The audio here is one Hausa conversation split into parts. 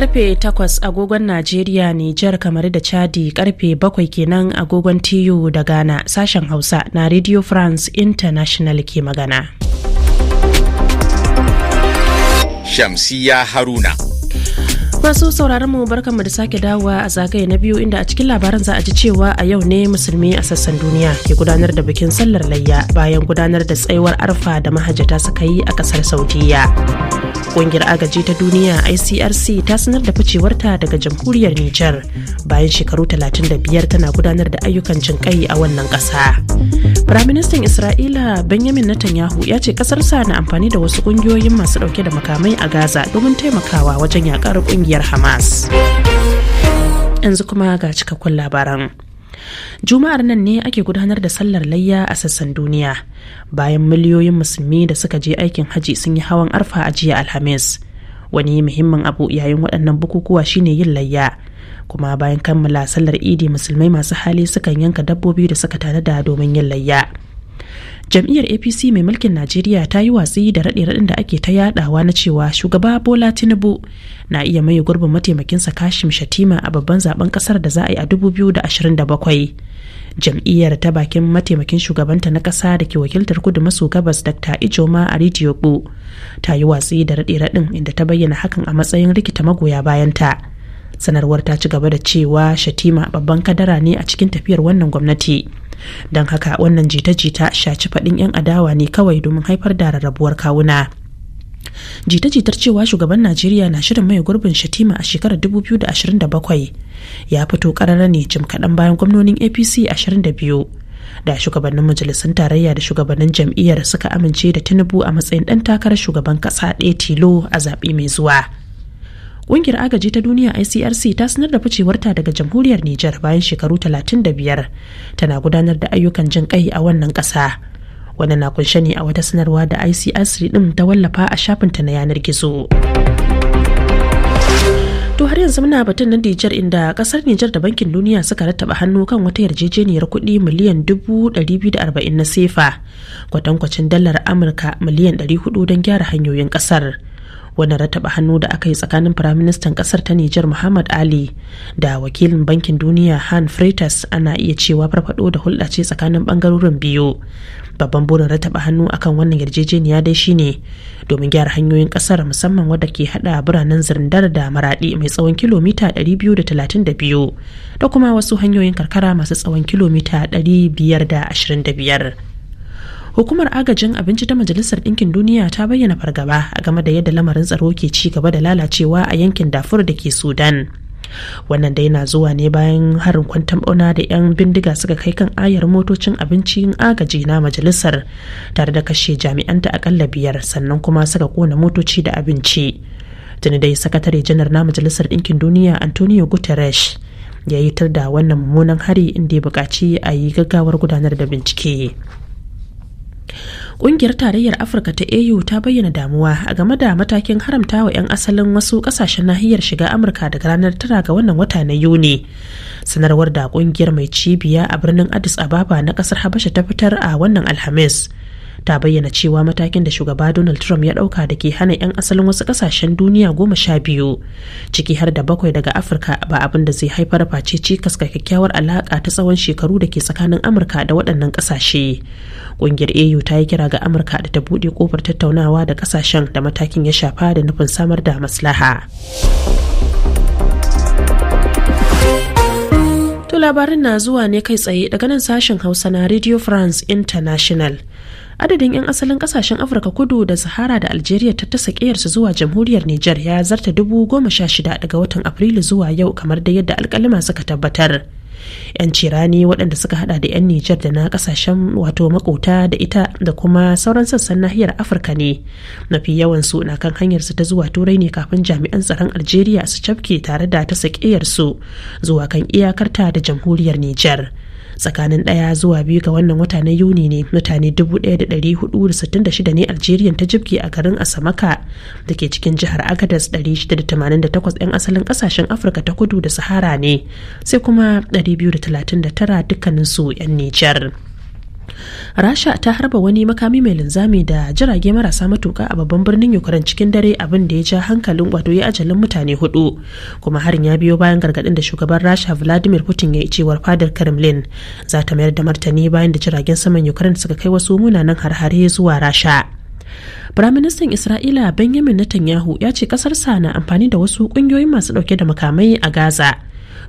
karfe 8 agogon najeriya nijar kamar da chadi karfe 7 kenan agogon TU da ghana sashen hausa na radio france international ke magana shamsiya haruna masu sauraron mu da sake dawowa a zagaye na biyu inda a cikin labaran za a ji cewa a yau ne musulmi a sassan duniya ke gudanar da bikin sallar layya bayan gudanar da tsayuwar arfa da mahajjata suka yi a kasar saudiya ƙungiyar agaji ta duniya icrc ta sanar da ficewarta daga jamhuriyar nijar bayan shekaru talatin da biyar tana gudanar da ayyukan jinƙai a wannan ƙasa firaministan isra'ila benjamin netanyahu ya ce ƙasarsa na amfani da wasu ƙungiyoyin masu ɗauke da makamai a gaza domin taimakawa wajen yaƙar ƙungiyar ƙungiyar Hamas. Yanzu kuma ga cikakkun labaran. Juma'ar nan ne ake gudanar da sallar layya a sassan duniya bayan miliyoyin musulmi da suka je aikin haji sun yi hawan arfa a jiya Alhamis. Wani muhimmin abu yayin waɗannan bukukuwa shine yin layya. Kuma bayan kammala sallar idi musulmai masu hali sukan yanka dabbobi da suka tanada domin yin layya. jam'iyyar apc mai mulkin najeriya ta yi watsi da raɗe-raɗin da ake ta yaɗawa na cewa shugaba bola tinubu na iya maye gurbin mataimakin sa kashim shatima a babban zaben kasar da za a yi a dubu da ashirin 2027 jam'iyyar ta bakin mataimakin shugabanta na ƙasa da ke wakiltar kudu maso gabas dr ijoma arijiyogbo ta yi watsi da raɗe-raɗin inda ta bayyana hakan a matsayin rikita magoya bayanta sanarwar ta ci gaba da cewa shatima babban kadara ne a cikin tafiyar wannan gwamnati don haka wannan jita-jita shaci faɗin 'yan adawa ne kawai domin haifar da rarrabuwar kawuna jita-jitar cewa shugaban najeriya na shirin mai gurbin shatima a shekarar 2027 ya fito karara ne jim kaɗan bayan gwamnonin apc 22 da shugabannin majalisun tarayya da shugabannin jam'iyyar suka amince da tinubu a matsayin ɗan takarar shugaban ƙasa ɗaya tilo a zaɓe mai zuwa Ƙungiyar agaji ta duniya ICRC ta sanar da ficewarta daga jamhuriyar Nijar bayan shekaru 35 tana gudanar da ayyukan jin kai a wannan ƙasa. wani na kunshe ne a wata sanarwa da ICRC ɗin ta wallafa a shafinta na yanar gizo. To har yanzu muna batun na Nijar inda ƙasar Nijar da Bankin Duniya suka rattaba hannu kan wata yarjejeniyar kuɗi miliyan 240 na sefa kwatankwacin dalar Amurka miliyan 400 don gyara hanyoyin ƙasar. wanda rattaba hannu da aka yi tsakanin firaministan kasar ta Nijar Muhammad Ali da wakilin bankin duniya Han Freitas ana iya cewa farfado da hulɗa ce tsakanin bangarorin biyu. Babban burin rattaba hannu akan wannan yarjejeniya dai shine domin gyara hanyoyin kasar musamman wadda ke hada biranen zirindar da maradi mai tsawon kilomita 232 da kuma wasu hanyoyin karkara masu tsawon kilomita 525. hukumar agajin abinci ta majalisar ɗinkin duniya ta bayyana fargaba a game da yadda lamarin tsaro ke ci gaba da lalacewa a yankin dafur da ke sudan wannan dai na zuwa ne bayan harin kwantan bauna da 'yan bindiga suka kai kan ayar motocin abincin agaji na majalisar tare da kashe jami'anta akalla biyar sannan kuma suka kona motoci da abinci tuni dai sakatare janar na majalisar ɗinkin duniya antonio guterres ya yi tar da wannan mummunan hari inda ya buƙaci a yi gaggawar gudanar da bincike Ƙungiyar Tarayyar Afirka ta AU ta bayyana damuwa a game da matakin haramta wa 'yan asalin wasu kasashen nahiyar shiga Amurka daga ranar tara ga wannan wata na Yuni. Sanarwar da ƙungiyar mai cibiya a birnin Addis Ababa na kasar Habasha ta fitar a wannan Alhamis. ta bayyana cewa matakin da shugaba Donald Trump ya dauka da ke hana 'yan asalin wasu kasashen duniya goma sha biyu ciki har da bakwai daga Afirka ba abin da zai haifar face cikas ga kyakkyawar alaƙa ta tsawon shekaru da ke tsakanin Amurka da waɗannan ƙasashe. Ƙungiyar AU ta yi kira ga Amurka da ta buɗe ƙofar tattaunawa da ƙasashen da matakin ya shafa da nufin samar da maslaha. To labarin na zuwa ne kai tsaye daga nan sashen Hausa na Radio France International. adadin 'yan asalin kasashen afirka kudu da sahara da algeria ta tasa su zuwa jamhuriyar niger ya zarta dubu goma sha shida daga watan afrilu zuwa yau kamar da yadda alkalima suka tabbatar 'yan cirani waɗanda suka hada da 'yan niger da na kasashen wato makota da ita da kuma sauran sassan nahiyar afirka ne mafi yawansu na kan hanyarsu ta zuwa turai ne kafin jami'an tsaron algeria su cafke tare da ta su zuwa kan iyakarta da jamhuriyar niger tsakanin ɗaya zuwa biyu ga wannan wata na yuni ne mutane 1,466 ne algerian ta jibge a garin asamaka da ke cikin jihar agadas 688 'yan asalin ƙasashen afirka ta kudu da sahara ne sai kuma 239 dukkaninsu 'yan nijar. rasha ta harba wani makami mai linzami da jirage marasa matuka a babban birnin ukraine cikin dare abin da ya ja hankalin wato ya ajalin mutane hudu kuma harin ya biyo bayan gargadin da shugaban rasha vladimir putin ya yi cewar fadar kremlin za ta mayar da martani bayan da jiragen saman ukraine suka kai wasu munanan harhare zuwa rasha Firaministan Isra'ila Benjamin Netanyahu ya ce kasarsa na amfani da wasu kungiyoyin masu dauke da makamai a Gaza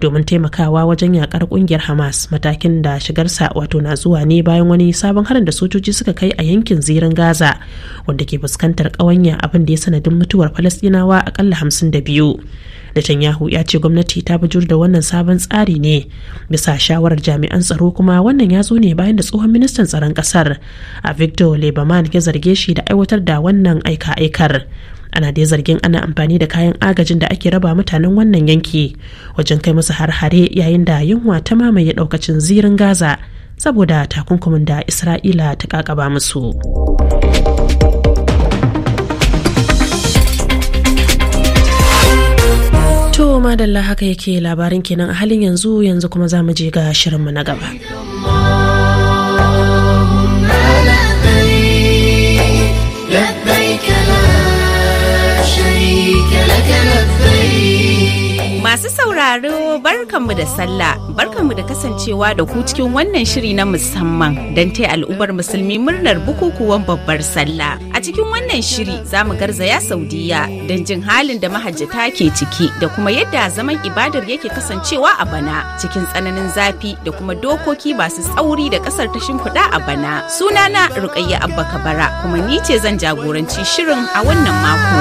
domin taimakawa wajen yakar kungiyar hamas matakin da shigarsa wato na zuwa ne bayan wani sabon harin da sojoji suka kai a yankin zirin gaza wanda ke fuskantar ƙawanya abin da ya sanadin mutuwar a akalla hamsin da biyu Netanyahu ya ce gwamnati ta bujur da wannan sabon tsari ne bisa shawarar jami'an tsaro kuma wannan ya zo ne bayan da tsohon ministan tsaron kasar a Victor Lebaman ya zarge shi da aiwatar da wannan aika-aikar. ana dai zargin ana amfani da kayan agajin da ake raba mutanen wannan yanki wajen kai musu har-hare yayin da yunwa ta mamaye daukacin zirin gaza saboda takunkumin da isra'ila ta kakaba musu. To madalla haka yake labarin kenan a halin yanzu yanzu kuma za mu je ga shirinmu na gaba. sauraro barkanmu da sallah barkanmu da kasancewa da ku cikin wannan shiri na musamman don ta al'ummar musulmi murnar bukukuwan babbar sallah. A cikin wannan shiri za mu garzaya Saudiya don jin halin da mahajjata ke ciki da kuma yadda zaman ibadar yake kasancewa a bana cikin tsananin zafi da kuma dokoki masu tsauri da kasar ta shimfiɗa a bana. suna na Rukayya Abba Kabara kuma ni ce zan jagoranci shirin a wannan mako.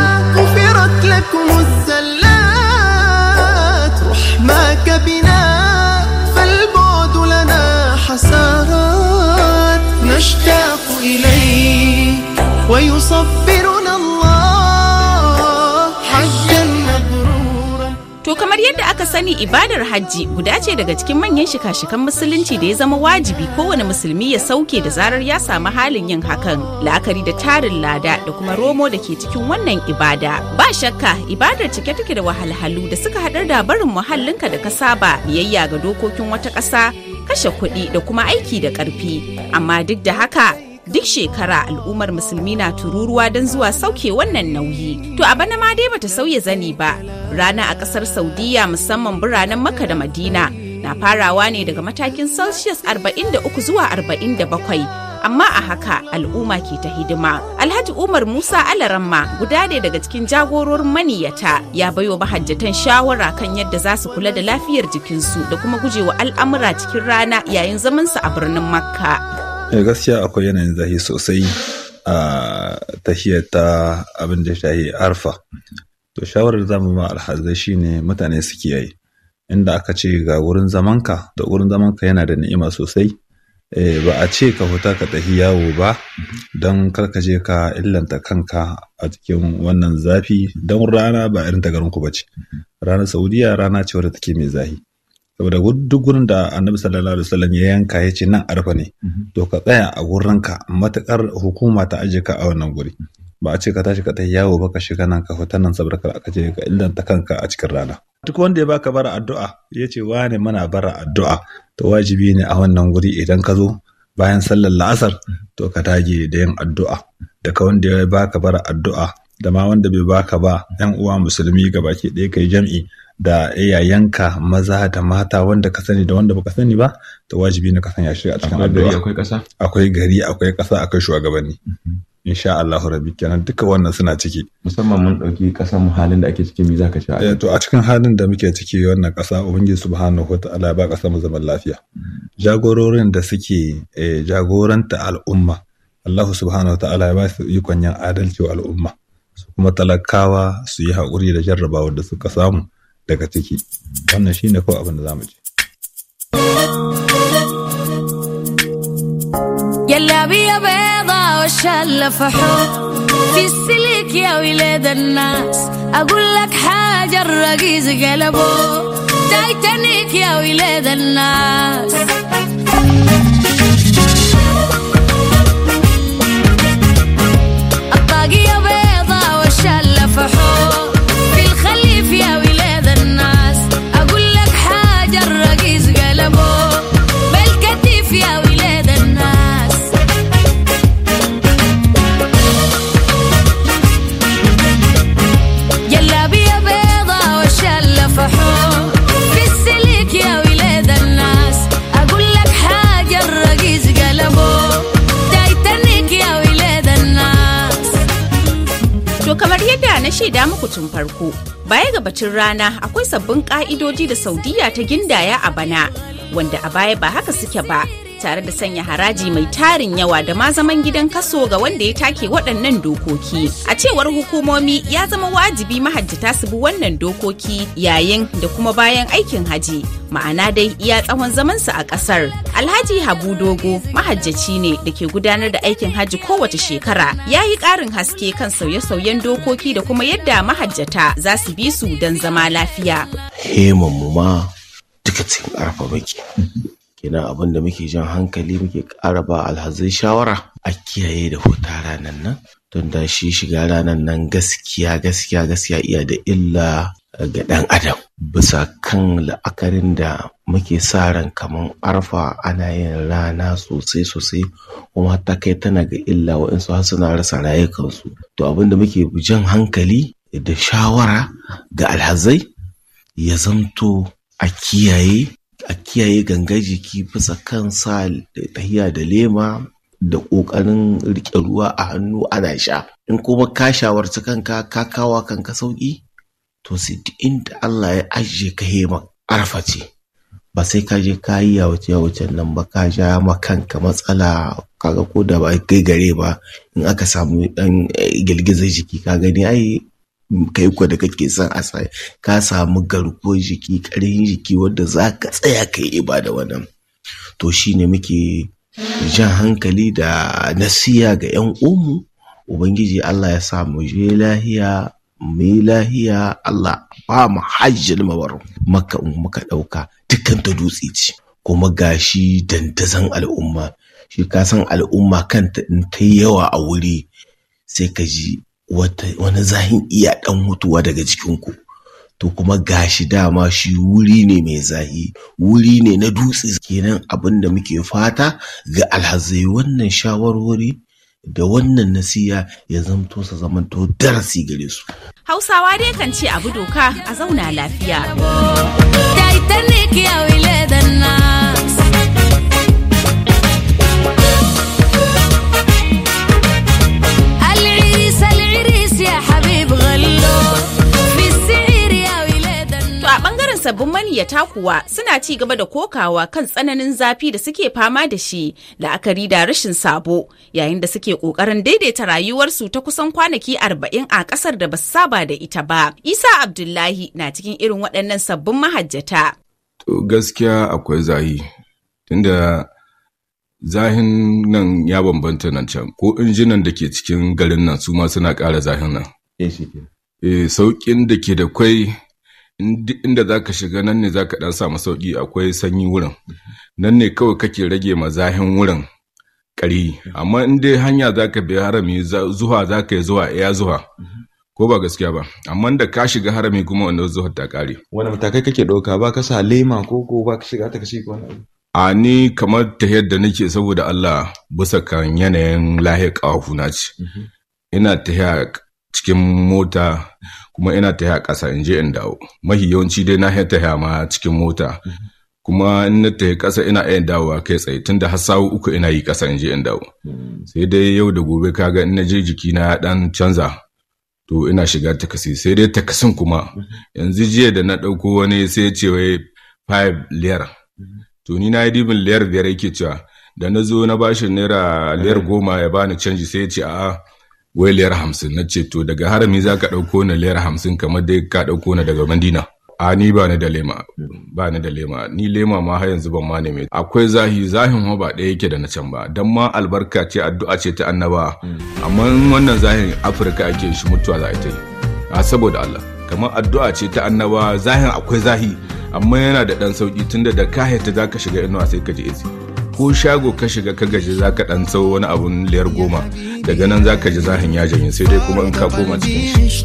yusaffirun Allah hajjan To kamar yadda aka sani ibadar hajji guda ce daga cikin manyan shika-shikan musulunci da ya zama wajibi kowane musulmi ya sauke da zarar ya samu halin yin hakan la'akari da tarin lada da kuma romo da ke cikin wannan ibada. Ba shakka ibadar cike take da wahalhalu da suka haɗar da barin muhallinka da ka saba biyayya ga dokokin wata ƙasa kashe kuɗi da kuma aiki da ƙarfi amma duk da haka duk shekara al'ummar musulmi na tururuwa don zuwa sauke wannan nauyi to a bana ma dai bata sauya zani ba rana a kasar saudiya musamman biranen makka da madina na farawa ne daga matakin celsius 43 zuwa 47 amma a haka al'umma ke ta hidima. Alhaji Umar Musa Alaramma guda ne daga cikin jagororin maniyata ya bayo mahajjatan shawara kan yadda za su kula da lafiyar jikinsu da kuma gujewa al'amura cikin rana yayin zamansu a birnin Makka. Eh, gaskiya akwai yanayin zahi sosai a tahiyar ta abin da shahi arfa to shawarar zamu ma alhazai shine mutane su kiyaye inda aka ce ga wurin zamanka da wurin zamanka yana da ni'ima sosai eh, ba a ce ka huta ka tafi yawo ba don karkaje ka illanta kanka a cikin wannan zafi don rana ba irin ta garinku ba ce ranar saudiya rana ce wadda take mai zafi. saboda duk gurin da annabi sallallahu alaihi wasallam ya yanka ya ce nan arfa ne mhm. to ka tsaya a gurinka matakar hukuma ta aje ka a wannan guri ba a ce ka tashi ka ta yawo ba ka shiga nan ka fita nan saboda ka je ka illanta kanka a cikin rana duk wanda ya baka bara addu'a ya ce wane mana bara addu'a to wajibi ne a wannan guri idan ka zo bayan sallar la'asar to ka dage da yin addu'a daga wanda ya baka bara addu'a da ma wanda bai baka ba yan uwa musulmi gabaki ɗaya kai jam'i da iyayenka maza da mata wanda ka sani da wanda baka sani ba to wajibi ne ka sanya shi a cikin addu'a akwai ƙasa akwai gari akwai ƙasa akwai shugabanni mm-hmm. insha Allah rabbi kenan duka wannan suna ciki musamman mun dauki ƙasar mu halin da ake ciki me zaka ci eh to a cikin halin da muke ciki wannan ƙasa ubangiji subhanahu wataala ya ba ƙasar mu zaman lafiya mm-hmm. jagororin da suke eh, jagoranta al'umma Allah subhanahu wataala ya ba su ikon yin adalci wa al'umma su kuma talakawa su yi haƙuri da jarrabawar da suka samu daga ciki wannan shine kawai abin da za mu ji في السلك يا ولاد الناس أقول لك حاجة الرقيز قلبه تايتانيك يا ولاد الناس الطاقية بيضة وشلة فحوط tun farko. Baya ga batun rana akwai sabbin ka'idoji da Saudiya ta gindaya a bana, wanda a baya ba haka suke ba. tare da sanya haraji mai tarin yawa da ma zaman gidan kaso ga wanda ya take waɗannan dokoki. A cewar hukumomi ya zama wajibi mahajjata su bi wannan dokoki yayin da kuma bayan aikin haji. Ma'ana dai iya tsawon zamansa a ƙasar. Alhaji Habu Dogo mahajjaci ne da ke gudanar da aikin haji kowace shekara. Ya yi ƙarin haske kan sauye-sauyen dokoki da kuma yadda mahajjata za su bi su don zama lafiya. Heman ma duka cikin arfa baki. kenan abin da muke jan hankali muke ƙara ba alhazai shawara a kiyaye da hota ranar nan don da shi shiga ranar nan gaskiya gaskiya gaskiya iya da illa ga ɗan adam bisa kan la'akarin da muke sa ran kamar arfa ana yin rana sosai sosai kuma ta kai tana ga illa wa'insu har suna rasa rayukansu to abin da muke jan hankali da shawara ga alhazai ya zamto a kiyaye a kiyaye ganga jiki bisa kan sa tahiya da lema da ƙoƙarin riƙe ruwa a hannu ana sha in kuma ka shawarci kanka ka kawa kanka sauƙi to sai duk inda Allah ya ajiye ka hema arfa ce ba sai ka je ka yi yawace yawacen nan ba ka ja ma kanka matsala kaga ko da ba kai gare ba in aka samu ɗan eh, girgizar jiki ka gani ai kai ko da kake son a ka samu garkuwar jiki karin jiki wanda za ka tsaya ka yi ibada wannan to shi ne muke jan hankali da nasiya ga 'yan umu ubangiji Allah ya sa mu je lahiya mu lahiya Allah ba mu hajjin mabarin maka in muka ɗauka dukkan ta dutse ce kuma gashi dantazan al'umma shi ka san al'umma kanta in ta yawa a wuri sai ka ji wani zahin iya ɗan mutuwa daga ku to kuma gashi dama shi wuri ne mai zahi wuri ne na dutse kenan abin da muke fata ga alhazai wannan shawarwari da wannan nasiya ya zamto sa zamanto darasi gare su hausawa dai kan ce abu doka a zauna lafiya ya kuwa suna ci gaba da kokawa kan tsananin zafi da suke fama da shi la'akari da rashin sabo yayin da suke kokarin daidaita rayuwarsu ta kusan kwanaki arba'in a kasar da ba su saba da ita ba. Isa Abdullahi na cikin irin waɗannan sabbin mahajjata. To gaskiya akwai zahi tunda zahin nan ya bambanta nan can ko injinan da ke cikin garin nan su ma suna ƙara zahin nan. Eh, eh sauƙin da ke da kwai inda za ka shiga nan ne za ka ɗan samu sauƙi akwai sanyi wurin nan ne kawai kake rage mazahin wurin ƙari amma in dai hanya za ka bi harami zuwa za ka yi zuwa iya zuwa ko ba gaskiya ba amma da ka shiga harami kuma wanda zuwa ta ƙare wani matakai kake ɗauka ba ka sa lema ko ko ba ka shiga ta kashi ko a ni kamar ta yadda nake saboda Allah bisa kan yanayin lahiyar ƙawafuna ce mm-hmm. ina ta cikin mota kuma ina taya ƙasa in je in dawo mahi yawanci dai na tafiya ma cikin mota kuma in na tafi ƙasa ina iya dawowa kai tsaye tun da hassawu uku ina yi ƙasa in je in dawo sai dai yau da gobe kaga in na je jiki na ɗan canza to ina shiga takasi sai dai takasin kuma yanzu jiya da na ɗauko wani sai ce wai five liyar to ni na yi dibin liyar biyar yake cewa da na zo na bashi naira liyar goma ya bani canji sai ya ce a'a wai liyar hamsin na ce to daga harami za ka ɗauko na liyar hamsin kamar dai ka ɗauko na daga madina a ni ba ni da lema ba ni da lema ni lema ma har yanzu ban ma neme akwai zahi zahin ba ɗaya yake da na can ba dan ma albarka ce addu'a ce ta annaba amma in wannan zahin afirka ake shi mutuwa za a ta yi a saboda Allah kamar addu'a ce ta annaba zahin akwai zahi amma yana da ɗan sauƙi, tunda da ka ta za ka shiga inuwa sai ka ji izi ko shago ka shiga ka gaji za ka ɗan tsawo wani abun liyar goma daga nan za ka ji zahin ya janye sai dai kuma in ka koma cikin shi.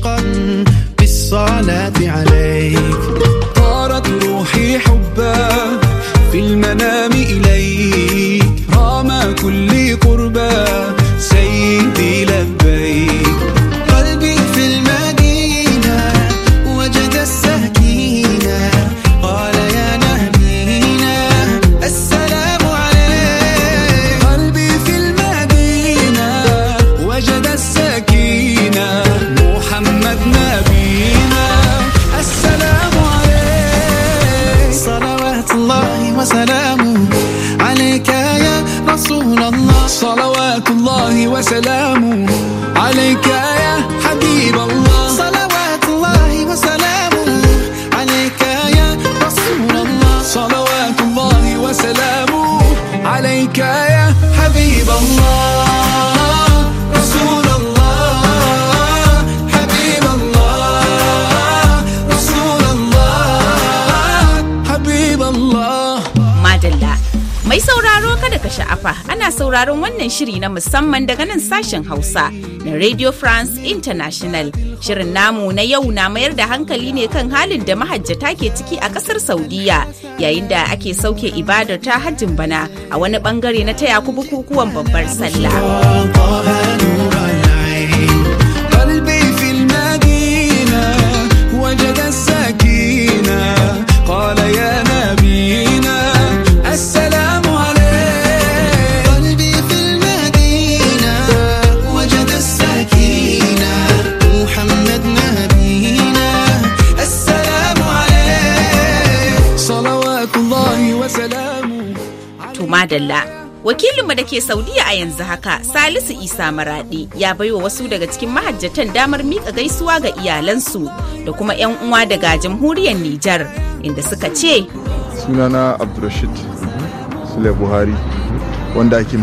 صلوات الله وسلامه عليك يا رسول الله صلوات الله وسلامه عليك يا حبيب الله صلوات الله وسلامه عليك يا رسول الله صلوات الله وسلامه عليك يا حبيب الله Mai sauraro kada ka sha'afa ana sauraron wannan shiri na musamman daga nan sashen Hausa na Radio France International. Shirin namu na yau na mayar da hankali ne kan halin da mahajjata ke ciki a kasar Saudiya yayin da ake sauke ibadar ta hajjin bana a wani bangare na taya ku bukukuwan babbar sallah. Abdalla. Wakilinmu da ke Saudiya a yanzu haka Salisu Isa Maraɗi ya baiwa wasu daga cikin mahajjatan damar miƙa gaisuwa ga iyalansu da kuma 'yan uwa daga jamhuriyar Nijar inda suka ce. Sunana Abdulrashid Sule Buhari wanda ake